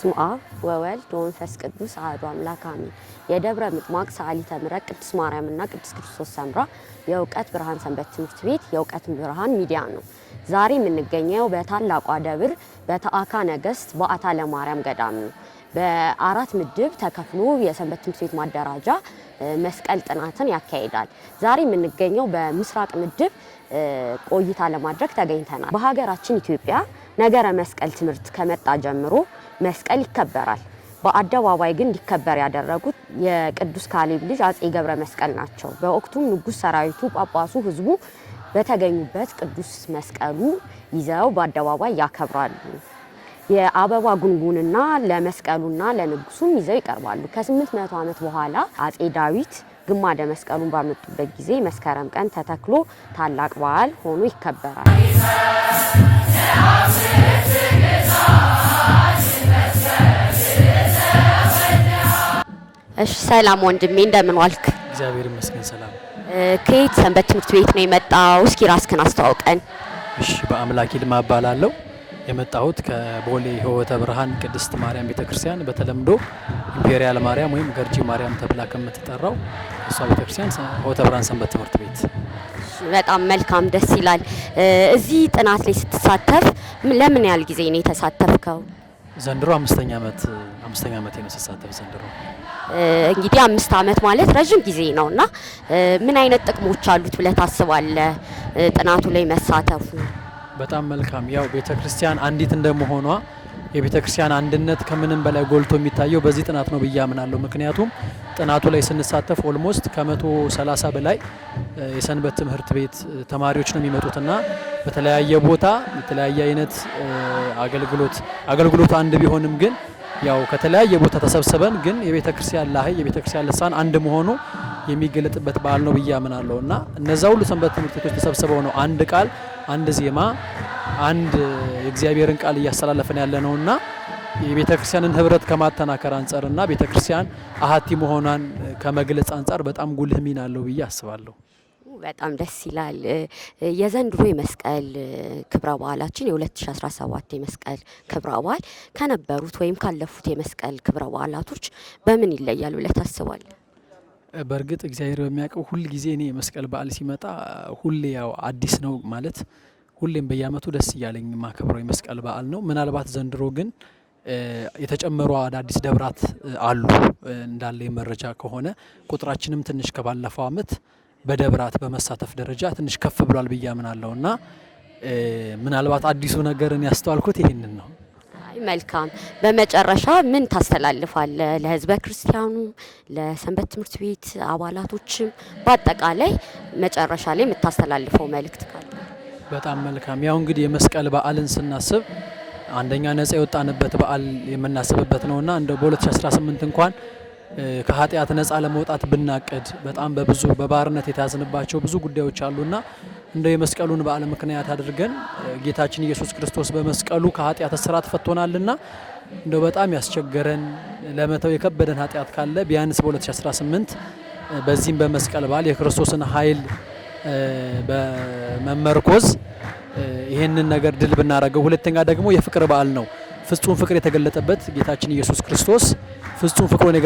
በስመ አብ ወወልድ ወመንፈስ ቅዱስ አሐዱ አምላክ አሜን። የደብረ ምጥማቅ ሰዓሊተ ምሕረት ቅድስት ማርያምና ቅዱስ ክርስቶስ ሰምራ የእውቀት ብርሃን ሰንበት ትምህርት ቤት የእውቀት ብርሃን ሚዲያ ነው። ዛሬ የምንገኘው በታላቋ ደብር በተአካ ነገሥት በአታ ለማርያም ገዳም ነው። በአራት ምድብ ተከፍሎ የሰንበት ትምህርት ቤት ማደራጃ መስቀል ጥናትን ያካሂዳል። ዛሬ የምንገኘው በምስራቅ ምድብ ቆይታ ለማድረግ ተገኝተናል። በሀገራችን ኢትዮጵያ ነገረ መስቀል ትምህርት ከመጣ ጀምሮ መስቀል ይከበራል። በአደባባይ ግን እንዲከበር ያደረጉት የቅዱስ ካሌብ ልጅ አፄ ገብረ መስቀል ናቸው። በወቅቱም ንጉሥ፣ ሰራዊቱ፣ ጳጳሱ፣ ህዝቡ በተገኙበት ቅዱስ መስቀሉ ይዘው በአደባባይ ያከብራሉ። የአበባ ጉንጉንና ለመስቀሉና ለንጉሱም ይዘው ይቀርባሉ። ከ ከ800 ዓመት በኋላ አፄ ዳዊት ግማደ መስቀሉን ባመጡበት ጊዜ መስከረም ቀን ተተክሎ ታላቅ በዓል ሆኖ ይከበራል። እሺ ሰላም ወንድሜ እንደምን ዋልክ? እግዚአብሔር ይመስገን ሰላም። ከየት ሰንበት ትምህርት ቤት ነው የመጣው? እስኪ ራስህን አስተዋውቀን። እሺ በአምላክ ይልማ እባላለሁ። የመጣሁት ከቦሌ ህይወተ ብርሃን ቅድስት ማርያም ቤተክርስቲያን በተለምዶ ኢምፔሪያል ማርያም ወይም ገርጂ ማርያም ተብላ ከምትጠራው እሷ ቤተክርስቲያን ህይወተ ብርሃን ሰንበት ትምህርት ቤት በጣም መልካም ደስ ይላል። እዚህ ጥናት ላይ ስትሳተፍ ለምን ያህል ጊዜ ነው የተሳተፍከው? ዘንድሮ አምስተኛ ዓመት አምስተኛ ዓመት ነው ስሳተፍ ዘንድሮ። እንግዲህ አምስት ዓመት ማለት ረዥም ጊዜ ነው እና ምን አይነት ጥቅሞች አሉት ብለህ ታስባለህ? ጥናቱ ላይ መሳተፉ በጣም መልካም ያው ቤተክርስቲያን አንዲት እንደመሆኗ የቤተ ክርስቲያን አንድነት ከምንም በላይ ጎልቶ የሚታየው በዚህ ጥናት ነው ብዬ አምናለሁ። ምክንያቱም ጥናቱ ላይ ስንሳተፍ ኦልሞስት ከመቶ ሰላሳ በላይ የሰንበት ትምህርት ቤት ተማሪዎች ነው የሚመጡትና በተለያየ ቦታ የተለያየ አይነት አገልግሎት አገልግሎቱ አንድ ቢሆንም ግን ያው ከተለያየ ቦታ ተሰብስበን ግን የቤተ ክርስቲያን ላህይ የቤተ ክርስቲያን ልሳን አንድ መሆኑ የሚገለጥበት በዓል ነው ብዬ አምናለሁ እና እነዛ ሁሉ ሰንበት ትምህርት ቤቶች ተሰብስበው ነው አንድ ቃል አንድ ዜማ አንድ የእግዚአብሔርን ቃል እያስተላለፍን ያለ ነውና የቤተ ክርስቲያንን ህብረት ከማጠናከር አንጻርና ቤተ ክርስቲያን አሀቲ መሆኗን ከመግለጽ አንጻር በጣም ጉልህ ሚና አለው ብዬ አስባለሁ። በጣም ደስ ይላል። የዘንድሮ የመስቀል ክብረ በዓላችን የ2017 የመስቀል ክብረ በዓል ከነበሩት ወይም ካለፉት የመስቀል ክብረ በዓላቶች በምን ይለያል ብለህ ታስባለህ? በእርግጥ እግዚአብሔር በሚያውቀው ሁል ጊዜ እኔ የመስቀል በዓል ሲመጣ ሁሌ ያው አዲስ ነው ማለት ሁሌም በየአመቱ ደስ እያለኝ የማከብረው የመስቀል በዓል ነው። ምናልባት ዘንድሮ ግን የተጨመሩ አዳዲስ ደብራት አሉ እንዳለ መረጃ ከሆነ ቁጥራችንም ትንሽ ከባለፈው አመት በደብራት በመሳተፍ ደረጃ ትንሽ ከፍ ብሏል ብዬ አምናለሁ እና ምናልባት አዲሱ ነገርን ያስተዋልኩት ይህንን ነው። መልካም። በመጨረሻ ምን ታስተላልፋለ ለህዝበ ክርስቲያኑ፣ ለሰንበት ትምህርት ቤት አባላቶችም በአጠቃላይ መጨረሻ ላይ የምታስተላልፈው መልእክት ካለ? በጣም መልካም። ያው እንግዲህ የመስቀል በዓልን ስናስብ አንደኛ ነጻ የወጣንበት በዓል የምናስብበት ነውና እንደ በ2018 እንኳን ከኃጢአት ነጻ ለመውጣት ብናቅድ በጣም በብዙ በባርነት የተያዝንባቸው ብዙ ጉዳዮች አሉና እንደ የመስቀሉን በዓል ምክንያት አድርገን ጌታችን ኢየሱስ ክርስቶስ በመስቀሉ ከኃጢአት እስራት ፈቶናልና እንደ በጣም ያስቸገረን ለመተው የከበደን ኃጢአት ካለ ቢያንስ በ2018 በዚህም በመስቀል በዓል የክርስቶስን ኃይል በመመርኮዝ ይህንን ነገር ድል ብናደርገው። ሁለተኛ ደግሞ የፍቅር በዓል ነው። ፍጹም ፍቅር የተገለጠበት ጌታችን ኢየሱስ ክርስቶስ ፍጹም ፍቅሩን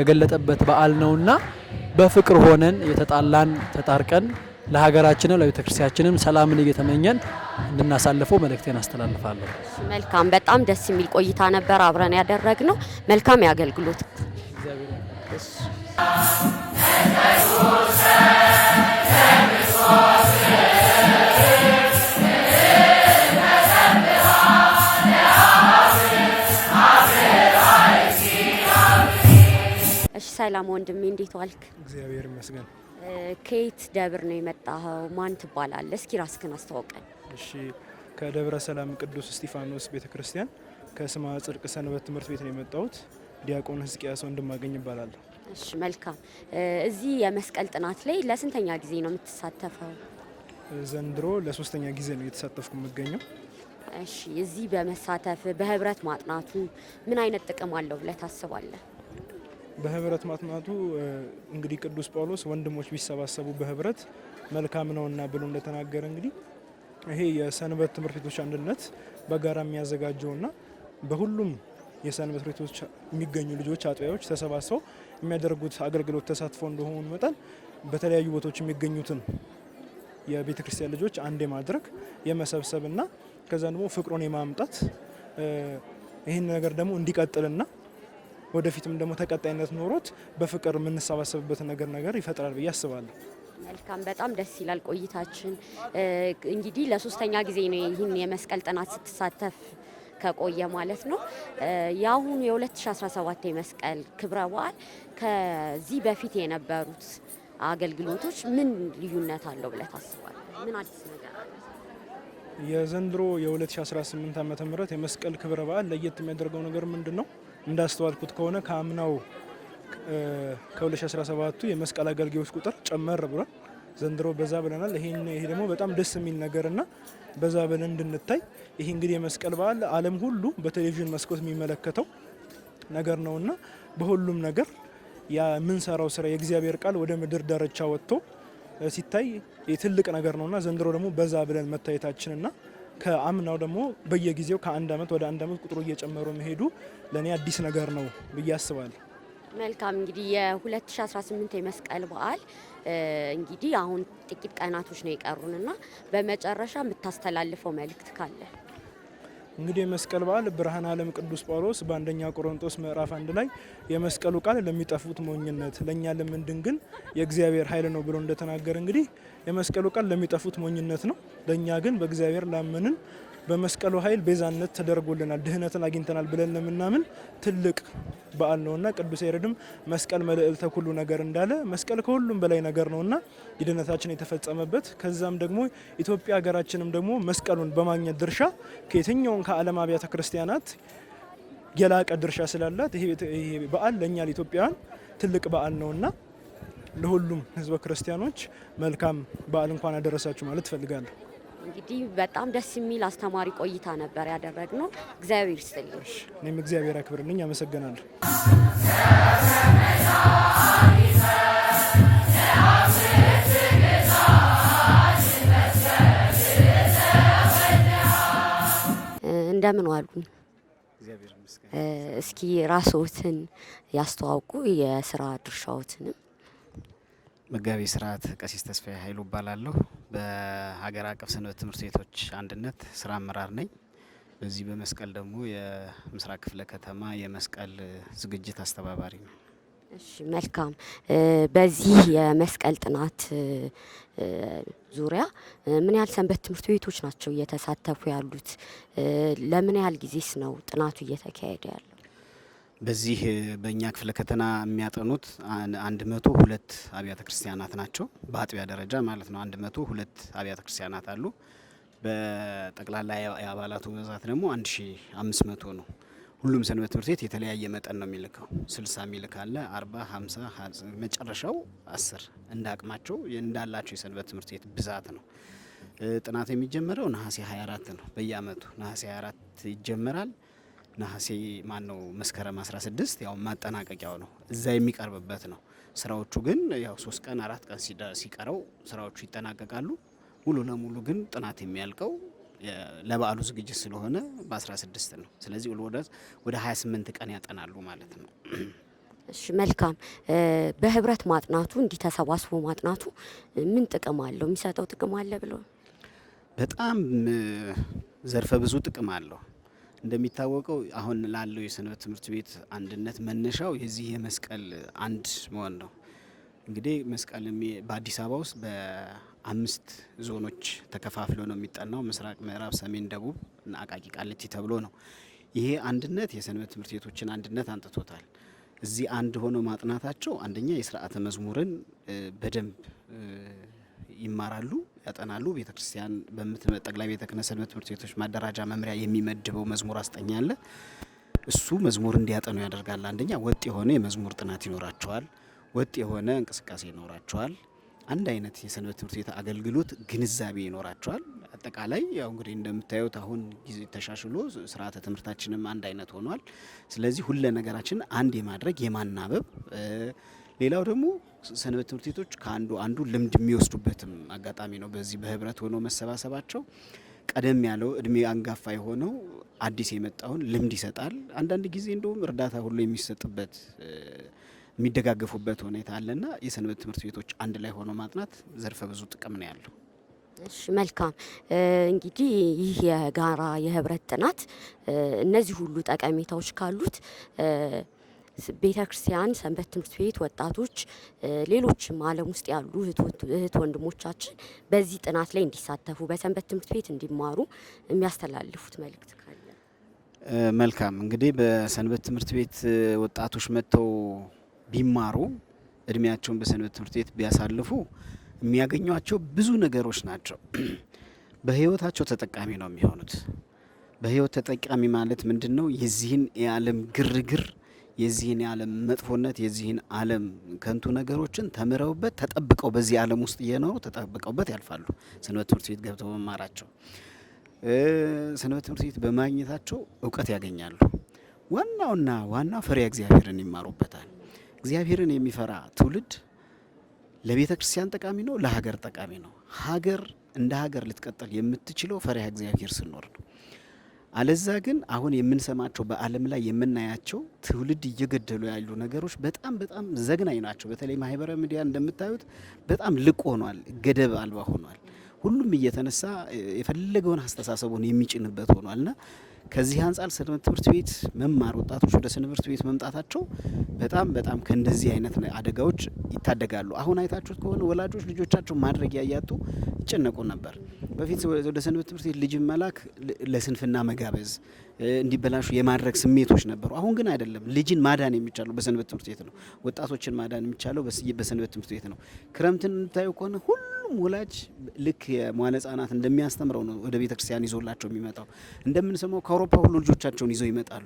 የገለጠበት በዓል ነውና በፍቅር ሆነን የተጣላን ተጣርቀን ለሀገራችንም ለቤተክርስቲያችንም ሰላምን እየተመኘን እንድናሳልፈው መልእክቴን አስተላልፋለሁ። መልካም፣ በጣም ደስ የሚል ቆይታ ነበር አብረን ያደረግነው። መልካም የአገልግሎት ሰላም ወንድሜ እንዴት ዋልክ? እግዚአብሔር ይመስገን። ከየት ደብር ነው የመጣኸው? ማን ትባላለህ? እስኪ ራስክን አስተዋውቀን። እሺ፣ ከደብረ ሰላም ቅዱስ እስጢፋኖስ ቤተ ክርስቲያን ከስማ ጽድቅ ሰንበት ትምህርት ቤት ነው የመጣሁት። ዲያቆን ህዝቅያስ ወንድማገኝ ይባላለሁ። እሺ፣ መልካም። እዚህ የመስቀል ጥናት ላይ ለስንተኛ ጊዜ ነው የምትሳተፈው? ዘንድሮ ለሶስተኛ ጊዜ ነው እየተሳተፍኩ የምገኘው። እሺ፣ እዚህ በመሳተፍ በህብረት ማጥናቱ ምን አይነት ጥቅም አለው ብለህ ታስባለህ? በህብረት ማጥናቱ እንግዲህ ቅዱስ ጳውሎስ ወንድሞች ቢሰባሰቡ በህብረት መልካም ነውና ብሎ እንደተናገረ እንግዲህ ይሄ የሰንበት ትምህርት ቤቶች አንድነት በጋራ የሚያዘጋጀውና በሁሉም የሰንበት ቤቶች የሚገኙ ልጆች አጥቢያዎች ተሰባስበው የሚያደርጉት አገልግሎት ተሳትፎ እንደሆኑ መጠን በተለያዩ ቦታዎች የሚገኙትን የቤተ ክርስቲያን ልጆች አንድ የማድረግ የመሰብሰብና ከዛ ደግሞ ፍቅሩን የማምጣት ይህን ነገር ደግሞ እንዲቀጥልና ወደፊትም ደግሞ ተቀጣይነት ኖሮት በፍቅር የምንሰባሰብበት ነገር ነገር ይፈጥራል ብዬ አስባለሁ። መልካም፣ በጣም ደስ ይላል ቆይታችን። እንግዲህ ለሶስተኛ ጊዜ ነው ይህን የመስቀል ጥናት ስትሳተፍ ከቆየ ማለት ነው። የአሁኑ የ2017 የመስቀል ክብረ በዓል ከዚህ በፊት የነበሩት አገልግሎቶች ምን ልዩነት አለው ብለህ ታስባለህ? ምን አዲስ ነገር አለ? የዘንድሮ የ2018 ዓ ም የመስቀል ክብረ በዓል ለየት የሚያደርገው ነገር ምንድን ነው? እንዳስተዋልኩት ከሆነ ከአምናው ከ2017ቱ የመስቀል አገልጋዮች ቁጥር ጨመር ብሏል። ዘንድሮ በዛ ብለናል። ይሄ ደግሞ በጣም ደስ የሚል ነገርና በዛ ብለን እንድንታይ ይሄ እንግዲህ የመስቀል በዓል ዓለም ሁሉ በቴሌቪዥን መስኮት የሚመለከተው ነገር ነውና በሁሉም ነገር የምንሰራው ስራ የእግዚአብሔር ቃል ወደ ምድር ዳርቻ ወጥቶ ሲታይ ትልቅ ነገር ነውና ዘንድሮ ደግሞ በዛ ብለን መታየታችንና ከአምናው ደግሞ በየጊዜው ከአንድ ዓመት ወደ አንድ አመት ቁጥሩ እየጨመሩ መሄዱ ለእኔ አዲስ ነገር ነው ብዬ አስባለሁ። መልካም እንግዲህ የ2018 የመስቀል በዓል እንግዲህ አሁን ጥቂት ቀናቶች ነው የቀሩንና በመጨረሻ የምታስተላልፈው መልእክት ካለ እንግዲህ የመስቀል በዓል ብርሃን ዓለም ቅዱስ ጳውሎስ በአንደኛ ቆሮንቶስ ምዕራፍ አንድ ላይ የመስቀሉ ቃል ለሚጠፉት ሞኝነት ለእኛ ለምንድን ግን የእግዚአብሔር ኃይል ነው ብሎ እንደተናገረ እንግዲህ የመስቀሉ ቃል ለሚጠፉት ሞኝነት ነው፣ ለእኛ ግን በእግዚአብሔር ላመንን በመስቀሉ ኃይል ቤዛነት ተደርጎልናል፣ ድህነትን አግኝተናል ብለን ለምናምን ትልቅ በዓል ነውና ቅዱስ ያሬድም መስቀል መልዕልተ ኩሉ ነገር እንዳለ መስቀል ከሁሉም በላይ ነገር ነውና ድህነታችን የተፈጸመበት ከዛም ደግሞ ኢትዮጵያ ሀገራችንም ደግሞ መስቀሉን በማግኘት ድርሻ ከየትኛውን ከዓለም አብያተ ክርስቲያናት የላቀ ድርሻ ስላላት ይሄ በዓል ለእኛ ለኢትዮጵያውያን ትልቅ በዓል ነውና ለሁሉም ህዝበ ክርስቲያኖች መልካም በዓል እንኳን አደረሳችሁ ማለት እፈልጋለሁ። እንግዲህ በጣም ደስ የሚል አስተማሪ ቆይታ ነበር ያደረግነው። እግዚአብሔር ይስጥልኝ። እኔም እግዚአብሔር ያክብርልኝ። አመሰግናለሁ። እንደምን ዋሉ? እስኪ ራስዎትን ያስተዋውቁ፣ የስራ ድርሻዎትንም። መጋቢ ስርዓት ቀሲስ ተስፋዬ ኃይሉ እባላለሁ። በሀገር አቀፍ ሰንበት ትምህርት ቤቶች አንድነት ስራ አመራር ነኝ። በዚህ በመስቀል ደግሞ የምስራቅ ክፍለ ከተማ የመስቀል ዝግጅት አስተባባሪ ነው። እሺ መልካም። በዚህ የመስቀል ጥናት ዙሪያ ምን ያህል ሰንበት ትምህርት ቤቶች ናቸው እየተሳተፉ ያሉት? ለምን ያህል ጊዜስ ነው ጥናቱ እየተካሄደ ያለው? በዚህ በእኛ ክፍለ ከተና የሚያጠኑት አንድ መቶ ሁለት አብያተ ክርስቲያናት ናቸው። በአጥቢያ ደረጃ ማለት ነው። አንድ መቶ ሁለት አብያተ ክርስቲያናት አሉ። በጠቅላላ የአባላቱ ብዛት ደግሞ አንድ ሺ አምስት መቶ ነው። ሁሉም ሰንበት ትምህርት ቤት የተለያየ መጠን ነው የሚልከው። ስልሳ የሚልክ አለ፣ አርባ ሀምሳ መጨረሻው አስር እንደ አቅማቸው እንዳላቸው የሰንበት ትምህርት ቤት ብዛት ነው። ጥናት የሚጀመረው ነሐሴ 24 ነው። በየአመቱ ነሐሴ 24 ይጀመራል። ነሐሴ ማን ነው መስከረም 16 ያው ማጠናቀቂያው ነው፣ እዛ የሚቀርብበት ነው። ስራዎቹ ግን ያው ሶስት ቀን አራት ቀን ሲቀረው ስራዎቹ ይጠናቀቃሉ። ሙሉ ለሙሉ ግን ጥናት የሚያልቀው ለበዓሉ ዝግጅት ስለሆነ በ16 ነው። ስለዚህ ወደ 28 ቀን ያጠናሉ ማለት ነው። እሺ መልካም። በህብረት ማጥናቱ እንዲህ ተሰባስቦ ማጥናቱ ምን ጥቅም አለው? የሚሰጠው ጥቅም አለ ብሎ በጣም ዘርፈ ብዙ ጥቅም አለው። እንደሚታወቀው አሁን ላለው የሰንበት ትምህርት ቤት አንድነት መነሻው የዚህ የመስቀል አንድ መሆን ነው። እንግዲህ መስቀል በአዲስ አበባ ውስጥ በአምስት ዞኖች ተከፋፍሎ ነው የሚጠናው። ምስራቅ፣ ምዕራብ፣ ሰሜን፣ ደቡብ እና አቃቂ ቃልቲ ተብሎ ነው። ይሄ አንድነት የሰንበት ትምህርት ቤቶችን አንድነት አንጥቶታል። እዚህ አንድ ሆኖ ማጥናታቸው አንደኛ የስርዓተ መዝሙርን በደንብ ይማራሉ። ያጠናሉ። ቤተ ክርስቲያን ጠቅላይ ቤተ ክህነት ሰንበት ትምህርት ቤቶች ማደራጃ መምሪያ የሚመድበው መዝሙር አስጠኛ አለ። እሱ መዝሙር እንዲያጠኑ ያደርጋል። አንደኛ ወጥ የሆነ የመዝሙር ጥናት ይኖራቸዋል። ወጥ የሆነ እንቅስቃሴ ይኖራቸዋል። አንድ አይነት የሰንበት ትምህርት ቤት አገልግሎት ግንዛቤ ይኖራቸዋል። አጠቃላይ ያው እንግዲህ እንደምታዩት አሁን ጊዜ ተሻሽሎ ስርዓተ ትምህርታችንም አንድ አይነት ሆኗል። ስለዚህ ሁለ ነገራችን አንድ የማድረግ የማናበብ ሌላው ደግሞ ሰንበት ትምህርት ቤቶች ከአንዱ አንዱ ልምድ የሚወስዱበትም አጋጣሚ ነው። በዚህ በህብረት ሆኖ መሰባሰባቸው ቀደም ያለው እድሜ አንጋፋ የሆነው አዲስ የመጣውን ልምድ ይሰጣል። አንዳንድ ጊዜ እንደውም እርዳታ ሁሉ የሚሰጥበት የሚደጋገፉበት ሁኔታ አለና የሰንበት ትምህርት ቤቶች አንድ ላይ ሆኖ ማጥናት ዘርፈ ብዙ ጥቅም ነው ያለው። እሺ መልካም እንግዲህ ይህ የጋራ የህብረት ጥናት እነዚህ ሁሉ ጠቀሜታዎች ካሉት ቤተ ክርስቲያን፣ ሰንበት ትምህርት ቤት፣ ወጣቶች፣ ሌሎችም ዓለም ውስጥ ያሉ እህት ወንድሞቻችን በዚህ ጥናት ላይ እንዲሳተፉ በሰንበት ትምህርት ቤት እንዲማሩ የሚያስተላልፉት መልእክት ካለ? መልካም እንግዲህ በሰንበት ትምህርት ቤት ወጣቶች መጥተው ቢማሩ እድሜያቸውን በሰንበት ትምህርት ቤት ቢያሳልፉ የሚያገኟቸው ብዙ ነገሮች ናቸው። በህይወታቸው ተጠቃሚ ነው የሚሆኑት። በህይወት ተጠቃሚ ማለት ምንድን ነው? የዚህን የዓለም ግርግር የዚህን የዓለም መጥፎነት የዚህን ዓለም ከንቱ ነገሮችን ተምረውበት ተጠብቀው በዚህ ዓለም ውስጥ እየኖሩ ተጠብቀውበት ያልፋሉ። ሰንበት ትምህርት ቤት ገብተው መማራቸው ሰንበት ትምህርት ቤት በማግኘታቸው እውቀት ያገኛሉ። ዋናውና ዋናው ፈሪያ እግዚአብሔርን ይማሩበታል። እግዚአብሔርን የሚፈራ ትውልድ ለቤተ ክርስቲያን ጠቃሚ ነው፣ ለሀገር ጠቃሚ ነው። ሀገር እንደ ሀገር ልትቀጠል የምትችለው ፈሪያ እግዚአብሔር ስኖር ነው። አለዛ ግን አሁን የምንሰማቸው በዓለም ላይ የምናያቸው ትውልድ እየገደሉ ያሉ ነገሮች በጣም በጣም ዘግናኝ ናቸው። በተለይ ማህበራዊ ሚዲያ እንደምታዩት በጣም ልቅ ሆኗል፣ ገደብ አልባ ሆኗል። ሁሉም እየተነሳ የፈለገውን አስተሳሰቡን የሚጭንበት ሆኗልና ከዚህ አንጻር ስነ ትምህርት ቤት መማር ወጣቶች ወደ ስነ ትምህርት ቤት መምጣታቸው በጣም በጣም ከእንደዚህ አይነት አደጋዎች ይታደጋሉ። አሁን አይታችሁት ከሆነ ወላጆች ልጆቻቸው ማድረግ ያያጡ ይጨነቁ ነበር። በፊት ወደ ስነ ትምህርት ቤት ልጅን መላክ ለስንፍና መጋበዝ፣ እንዲበላሹ የማድረግ ስሜቶች ነበሩ። አሁን ግን አይደለም። ልጅን ማዳን የሚቻለው በሰንበት ትምህርት ቤት ነው። ወጣቶችን ማዳን የሚቻለው በሰንበት ትምህርት ቤት ነው። ክረምትን የምታየው ከሆነ ሁሉ ሁሉም ወላጅ ልክ የመዋለ ህጻናት እንደሚያስተምረው ነው ወደ ቤተ ክርስቲያን ይዞላቸው የሚመጣው። እንደምንሰማው ከአውሮፓ ሁሉ ልጆቻቸውን ይዘው ይመጣሉ።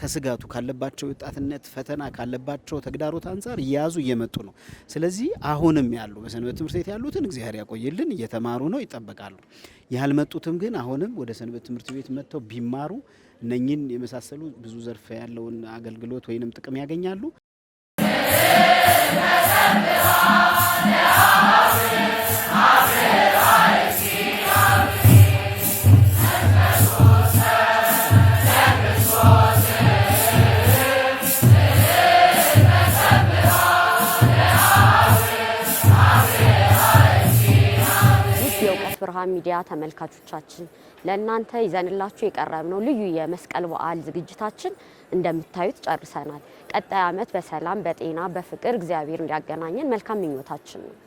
ከስጋቱ ካለባቸው ወጣትነት ፈተና ካለባቸው ተግዳሮት አንጻር እየያዙ እየመጡ ነው። ስለዚህ አሁንም ያሉ በሰንበት ትምህርት ቤት ያሉትን እግዚአብሔር ያቆይልን፣ እየተማሩ ነው፣ ይጠበቃሉ። ያልመጡትም ግን አሁንም ወደ ሰንበት ትምህርት ቤት መጥተው ቢማሩ እነኝን የመሳሰሉ ብዙ ዘርፍ ያለውን አገልግሎት ወይንም ጥቅም ያገኛሉ። ሚዲያ ተመልካቾቻችን ለእናንተ ይዘንላችሁ የቀረብነው ልዩ የመስቀል በዓል ዝግጅታችን እንደምታዩት ጨርሰናል። ቀጣይ ዓመት በሰላም በጤና በፍቅር እግዚአብሔር እንዲያገናኘን መልካም ምኞታችን ነው።